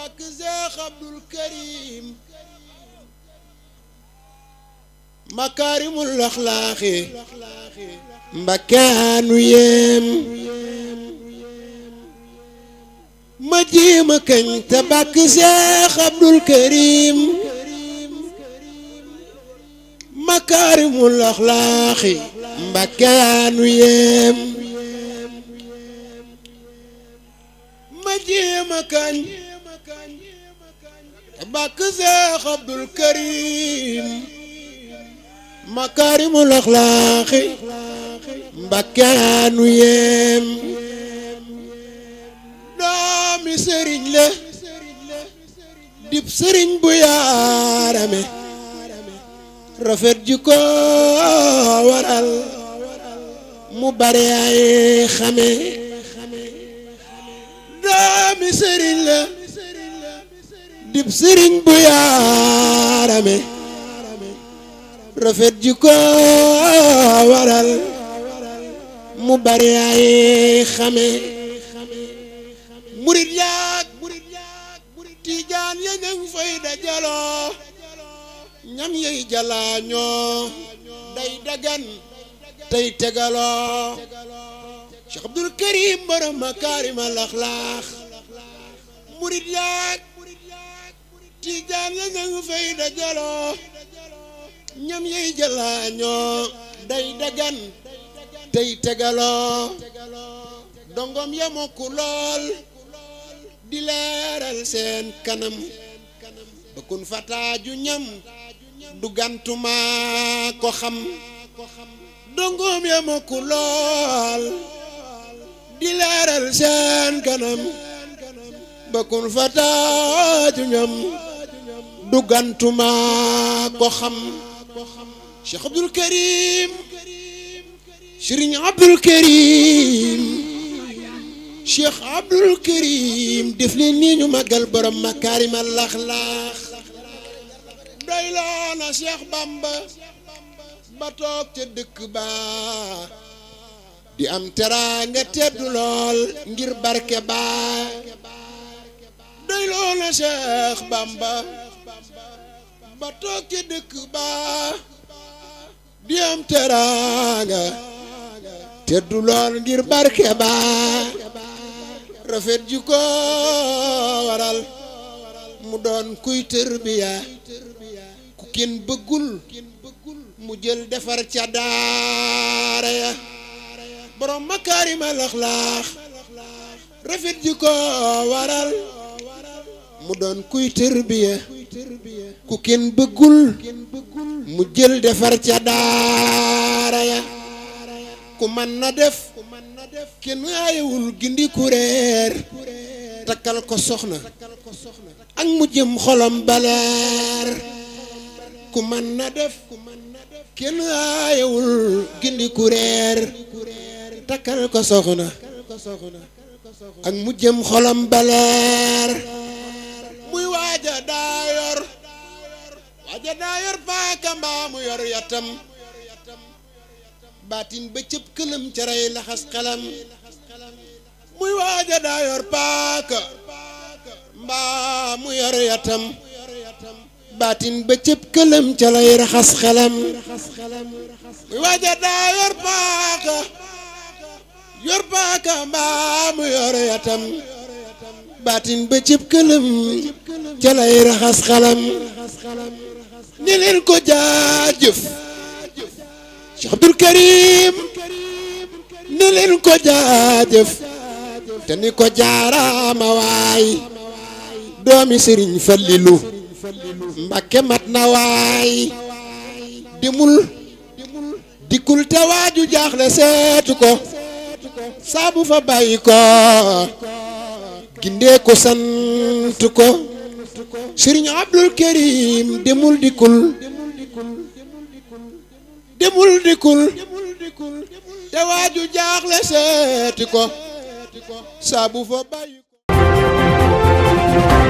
Mbàkke Seex Abdul Karim makaarimul axlaaxi mbakkaanu yem ma jéema kañ te bàkk Seex Abdul Karim makaarimul axlaaxi mbakkaanu yem ma jéema kañ bàkk Seex Abdul Karim makaarimul axlaaqi mbakkaanu yem doomi sëriñ la dib sëriñ bu yaarame rafet ji ko waral mu bare ay xame doomi sëriñ la dib sëriñ bu yaarame rafet ji ko waral mu bari ay xame murit yaag tiijaan ya ñañ fay dajaloo ñam yey jalaañoo day dagan tey tegaloo Cheikh Abdul Karim borom makaarimal axlaax murit yaag tiijaan ya nga fay dajaloo ñam yey jëlaañoo day dagan tey tegaloo dongom ya mokku lool di leeral seen kanam bëkkun fataaju ñam du ko xam dongoom ya mokku lool di leeral seen kanam bëkkun fataaju ñam duggantuma ko xam Cheikh Abdoul Karim Serigne Abdoul Karim Cheikh Abdoul Karim def leen ñu magal borom makaarima lax-lax doy loo na Cheikh Bamba ba toog ca dëkk ba di am teraanga teddu lool ngir barke ba doy loo na Cheikh Bamba ba toog ci dëkk ba di am teraanga te lool ngir barke ba rafet ji ko waral mu doon kuy tërbiya ku kenn bëggul mu jël defar ca daara ya borom makaarima laxlaax rafet ji ko waral mu doon kuy tërbiya ku kenn bëggul mu jël defar ca daara ya ku man na def kenn aayewul gindi kuréer takkal ko soxna ak mu jëm xolom baleer ku man na def kenn aayewul gindi kuréer takkal ko soxna ak mu jëm xolom baleer muy waaja daara ja daa yor paaka mbaa mu yor yatam baatin ba cëb këlam ca rey laxas xelam muy waaja daa yor paaka mbaa mu yor yatam baatin ba cëb këlam ca lay raxas xelam muy waaja daa yor paaka yor paaka mbaa mu yor yatam baatin ba cëb këlam ca lay raxas xelam ni leen ko jaajëf Cheikh Abdoul Karim ni ko jaajëf te ni ko jaaraama waay doomi sëriñ Fallilu Mbàkke mat na waay dimul dikkul te waaju jaaxle seetu ko saabu fa bàyyi ko gindee ko sant ko sëriñ Abdul Karim demul dikul demul te waaju jaaxle seeti ko saabu fa bàyyi ko